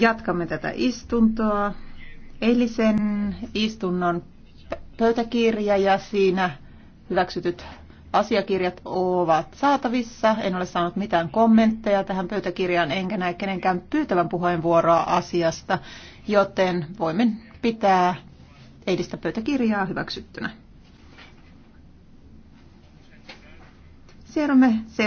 Jatkamme tätä istuntoa. Eilisen istunnon pöytäkirja ja siinä hyväksytyt asiakirjat ovat saatavissa. En ole saanut mitään kommentteja tähän pöytäkirjaan, enkä näe kenenkään pyytävän puheenvuoroa asiasta, joten voimme pitää eilistä pöytäkirjaa hyväksyttynä. Siirrymme seuraavaan.